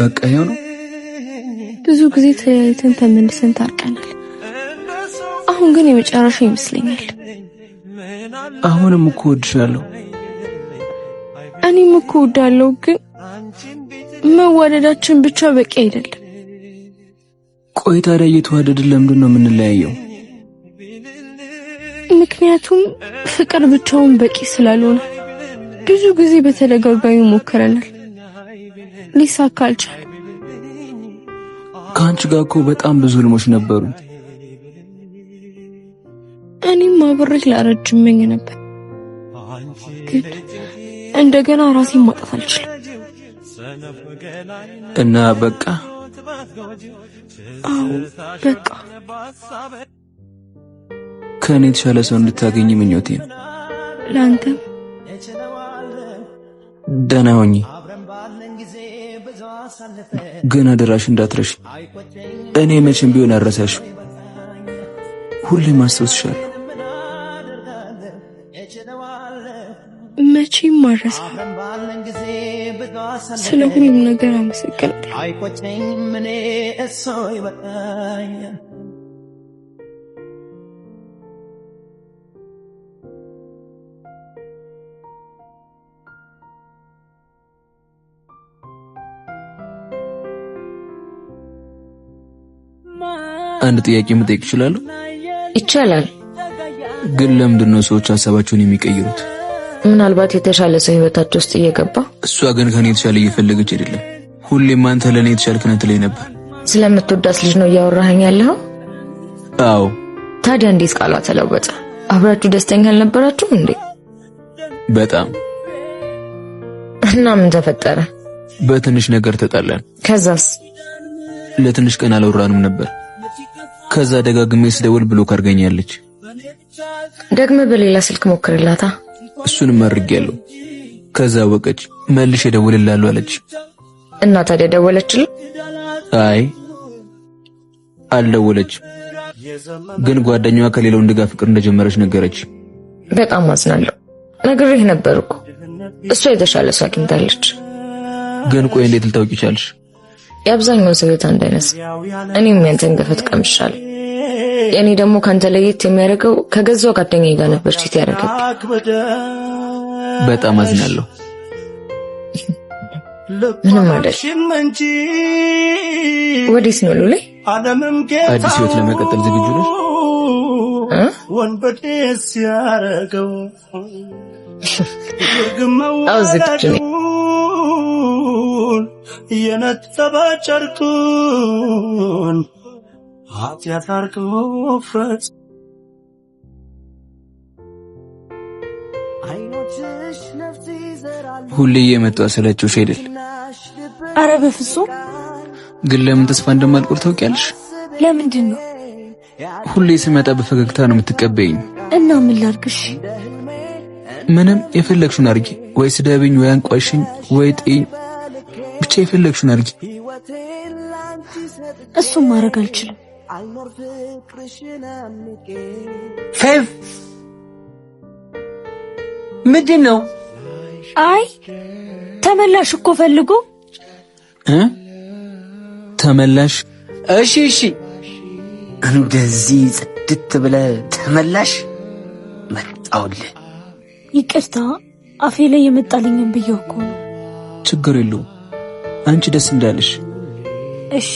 በቃ ይኸው ነው። ብዙ ጊዜ ተያይተን ተመልሰን ታርቀናል። አሁን ግን የመጨረሻ ይመስለኛል። አሁንም እኮ ወድሻለሁ። እኔም እኮ እወዳለሁ። ግን መዋደዳችን ብቻ በቂ አይደለም። ቆይ ታዲያ እየተዋደድን ለምንድን ነው የምንለያየው? ምክንያቱም ፍቅር ብቻውን በቂ ስላልሆነ ብዙ ጊዜ በተደጋጋሚ ሞክረናል። ሊሳካ አልቻለም። ከአንቺ ጋር እኮ በጣም ብዙ ህልሞች ነበሩ። እኔም አብሬሽ ላረጅም እመኝ ነበር፣ ግን እንደገና ራሴን ማጣት አልችልም እና በቃ አዎ በቃ ከእኔ የተሻለ ሰው እንድታገኝ ምኞቴ ነው። ለአንተም ደህና ሁኚ። ግን አደራሽ እንዳትረሽ። እኔ መቼም ቢሆን አረሳሽ፣ ሁሌም አስታውስሻለሁ። መቼም ማረሳ። ስለ ሁሉም ነገር አመሰግናለሁ። አንድ ጥያቄ መጠየቅ እችላለሁ? ይቻላል። ግን ለምንድን ነው ሰዎች ሀሳባቸውን የሚቀይሩት? ምናልባት የተሻለ ሰው ህይወታቸው ውስጥ እየገባ እሷ ግን ከኔ የተሻለ እየፈለገች አይደለም። ሁሌም አንተ ለእኔ የተሻልክ ነህ ትለኝ ነበር። ስለምትወዳት ልጅ ነው እያወራኸኝ ያለው? አዎ። ታዲያ እንዴት ቃሏ ተለወጠ? አብራችሁ ደስተኛ አልነበራችሁም እንዴ? በጣም እና ምን ተፈጠረ? በትንሽ ነገር ተጣላን። ከዛስ? ለትንሽ ቀን አላወራንም ነበር። ከዛ ደጋግሜ ስደውል ብሎክ አድርገኛለች። ደግመ በሌላ ስልክ ሞክርላታ። እሱንም አድርጌያለሁ። ከዛ ወቀች መልሽ እደውልልሃለሁ አለች እና ታዲያ ደወለችል አይ አልደወለች፣ ግን ጓደኛዋ ከሌላው ወንድ ጋር ፍቅር እንደጀመረች ነገረች። በጣም አዝናለሁ። ነግሬህ ነበር እሷ የተሻለ ሰው አግኝታለች። ግን ቆይ እንዴት ልታውቂ ቻልሽ? የአብዛኛው ሰው ህይወት አንድ አይነት እኔም ያንተን ገፈት ቀምሻለሁ። የእኔ ደግሞ ከአንተ ለየት የሚያደርገው ከገዛው ጓደኛዬ ጋር ነበር ቺት ያደረገብ። በጣም አዝናለሁ። ምንም አይደል። ወዴት ነው ሉሌ? አዲስ ህይወት ለመቀጠል ዝግጁ ነሽ? አዎ ዝግጁ ነኝ። የነጠበ ጨርቁን ኃጢአት አርቆ ፈጽሞ ሁሌ እየመጣ ስለችሽ አይደል? አረ በፍጹም። ግን ለምን ተስፋ እንደማልቆርጥ ታውቂያለሽ? ለምንድን ነው ሁሌ ስመጣ በፈገግታ ነው የምትቀበይኝ? እና ምን ላርግሽ? ምንም የፈለግሽውን አርጊ። ወይ ስደብኝ፣ ወይ አንቋሽኝ፣ ወይ ጤኝ ብቻ የፈለግሽውን አድርጊ። እሱም ማድረግ አልችልም። ፌቭ ምንድን ነው? አይ ተመላሽ እኮ ፈልጎ ተመላሽ። እሺ እሺ፣ እንደዚህ ጽድት ብለህ ተመላሽ። መጣሁልህ። ይቅርታ አፌ ላይ የመጣልኝም ብየው እኮ ነው። ችግር የለውም። አንቺ ደስ እንዳለሽ። እሺ።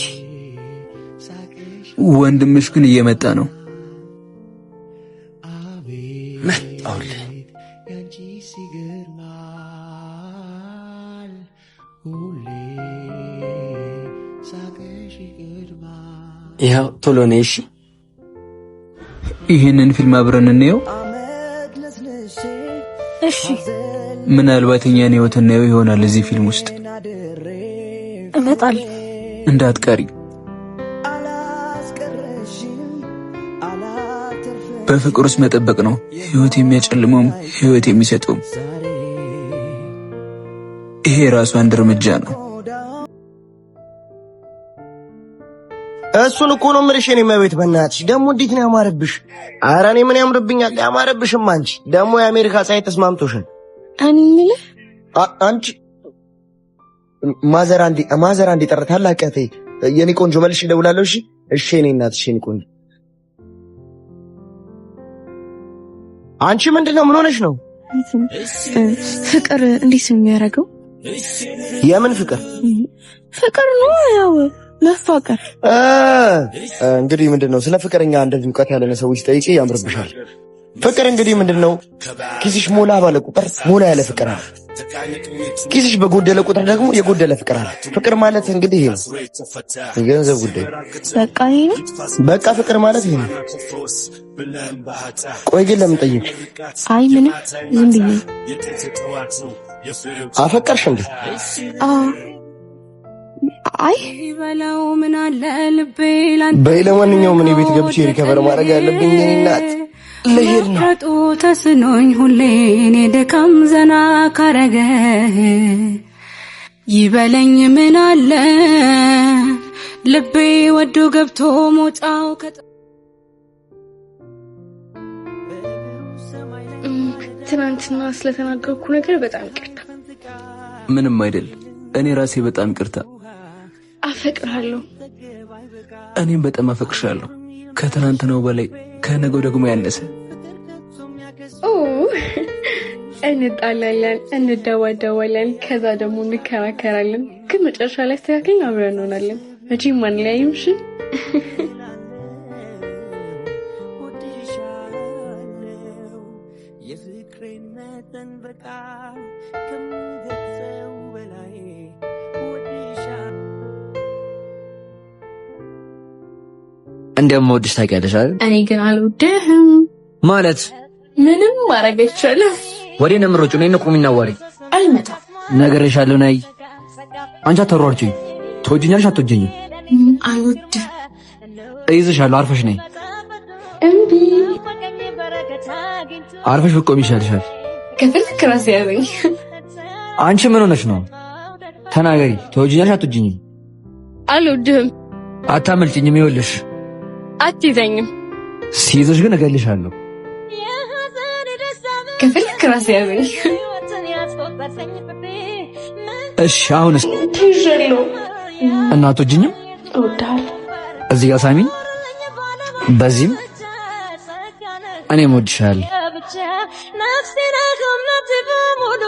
ወንድምሽ ግን እየመጣ ነው። መጣሁልህ። ይኸው ቶሎ ነይ። እሺ፣ ይህንን ፊልም አብረን እንየው። እሺ። ምናልባት እኛን ህይወት እናየው ይሆናል እዚህ ፊልም ውስጥ ያመጣል። እንዳትቀሪ በፍቅር ውስጥ መጠበቅ ነው ህይወት የሚያጨልመውም ህይወት የሚሰጠውም። ይሄ ራሱ አንድ እርምጃ ነው። እሱን እኮ ነው የምልሽ። እኔ መቤት በእናትሽ ደግሞ እንዴት ነው ያማረብሽ? ኧረ እኔ ምን ያምርብኛል? ያማረብሽም አንቺ ደግሞ የአሜሪካ ፀሐይ ተስማምቶሽን እኔ የምልህ አንቺ ማዘራ አንዴ ማዘር አንዴ ጠርታለህ። አቀቴ የኔ ቆንጆ መልሽ እደውላለሁ። እሺ እሺ፣ የኔ እናት፣ እሺ የኔ ቆንጆ። አንቺ ምንድን ነው? ምን ሆነሽ ነው? ፍቅር እንዴት ነው የሚያደርገው? የምን ፍቅር? ፍቅር ነው ያው መፋቀር። እንግዲህ ምንድን ነው ስለ ፍቅረኛ እንደዚህ እውቀት ያለነ ሰዎች ጠይቂ፣ ያምርብሻል። ፍቅር እንግዲህ ምንድን ነው? ኪስሽ ሞላ ባለ ቁጥር ሞላ ያለ ፍቅር አለ ኪስሽ በጎደለ ቁጥር ደግሞ የጎደለ ፍቅር አለ። ፍቅር ማለት እንግዲህ ይሄ ነው፣ የገንዘብ ጉዳይ በቃ ይሄ ነው። በቃ ፍቅር ማለት ይሄ ነው። ቆይ ግን ለምን ጠየቅሽ? አይ ምንም ዝም ብዬ። አፈቀርሽ እንዴ? አይ በለው ምን አለ በይ፣ ለማንኛውም እኔ ቤት ገብቼ ሪከቨር ማድረግ ያለብኝ እናት ልሄድ ነው ተስኖኝ ሁሌ እኔ ደካም ዘና ካረገ ይበለኝ ምን አለ ልቤ ወዶ ገብቶ ሞጣው ከጥ ትናንትና ስለተናገርኩ ነገር በጣም ይቅርታ። ምንም አይደል። እኔ ራሴ በጣም ይቅርታ አፈቅራለሁ። እኔም በጣም አፈቅርሻለሁ። ከትናንትናው በላይ ከነገው ደግሞ ያነሰ። እንጣላለን፣ እንደዋደዋለን፣ ከዛ ደግሞ እንከራከራለን፣ ግን መጨረሻ ላይ አስተካክለን አብረን እንሆናለን። መቼም አንለያይም። ሽን የፍቅሬን መጠን በቃ እንደምወድሽ ታውቂያለሽ አይደል? እኔ ግን አልወደህም። ማለት ምንም ማድረግ አይቻልም። ወዴት ነው የምትሮጪው? እኔን ቁሚና ዋሪ። አልመጣም። ነግሬሻለሁ። ነይ። አንቺ አታሯርጪኝ። ትወጂኛለሽ አትወጂኝም? አልወድም። እይዝሻለሁ። አርፈሽ ነይ። እምቢ። አርፈሽ ብትቆሚ ይሻልሻል። ከፍልክ ራስ ያዘኝ። አንቺ ምን ሆነሽ ነው? ተናገሪ። ትወጂኛለሽ አትወጂኝም? አልወድህም። አታመልጭኝም። ይኸውልሽ አትይዘኝም። ሲይዘሽ ግን እገልሻለሁ። ከፈለክ ክራስ ያዘኝ። እሺ አሁንስ? እና አትወጂኝም? እወድሃለሁ። እዚህ ጋር ሳሚኝ፣ በዚህም እኔም እወድሻለሁ። ነፍሴን ሙሉ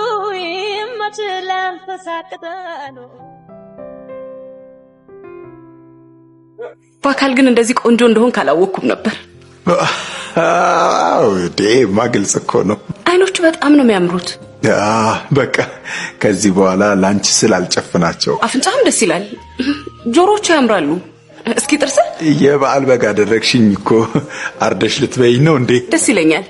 በአካል ግን እንደዚህ ቆንጆ እንደሆን ካላወቅኩም ነበር። ዴ ማግልጽ እኮ ነው። አይኖቹ በጣም ነው የሚያምሩት። በቃ ከዚህ በኋላ ላንች ስል አልጨፍናቸው። አፍንጫም ደስ ይላል፣ ጆሮቹ ያምራሉ። እስኪ ጥርስ የበዓል በግ አደረግሽኝ እኮ። አርደሽ ልትበይኝ ነው እንዴ? ደስ ይለኛል።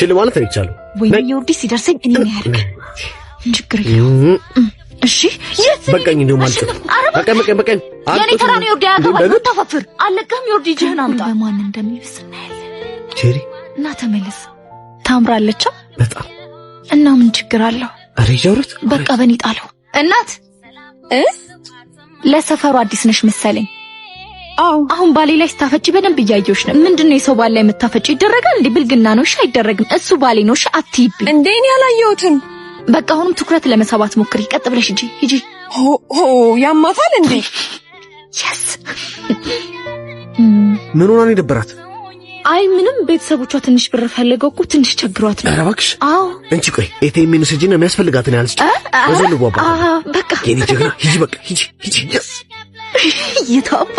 ሽልማነት አይቻለሁ ወይ? የወዲህ ሲደርሰኝ እኔ ያርግ ችግር የለውም። እሺ የት በቀኝ ነው ማለት ነው? በቀኝ በቀኝ በቀኝ የኔ ተራ ነው። ይወርድ ያገባል። ተፋፍር አለቀህም። ይወርድ ይጅህን አምጣ። በማን እንደሚብስ እናያለን። ጄሪ እና ተመለስ። ታምራለች በጣም እና ምን ችግር አለው? አሬ ጀሩት በቃ በኔ ጣለው። እናት እ ለሰፈሩ አዲስ ነሽ መሰለኝ። አዎ አሁን ባሌ ላይ ስታፈጪ በደንብ እያየሁሽ ነው። ምንድነው የሰው ባል ላይ የምታፈጪ? ይደረጋል እንዴ? ብልግና ነው። እሺ አይደረግም። እሱ ባሌ ነው። እሺ አትይብኝ እንዴ እኔ አላየሁትም። በቃ አሁንም ትኩረት ለመሳባት ሞክሪ። ቀጥ ብለሽ እንጂ ሂጂ። ሆ ሆ ያማታል እንዴ? የስ ምን ሆና ነው የደበራት? አይ ምንም፣ ቤተሰቦቿ ትንሽ ብር ፈልገው እኮ ትንሽ ቸግሯት ነው። ኧረ እባክሽ። አዎ እንቺ ቆይ፣ ኤቲኤም ስጂና የሚያስፈልጋትን ያልስጭ ወዘሉ ባባ። በቃ የኔ ጀግና ሂጂ፣ በቃ ሂጂ ሂጂ። የታባ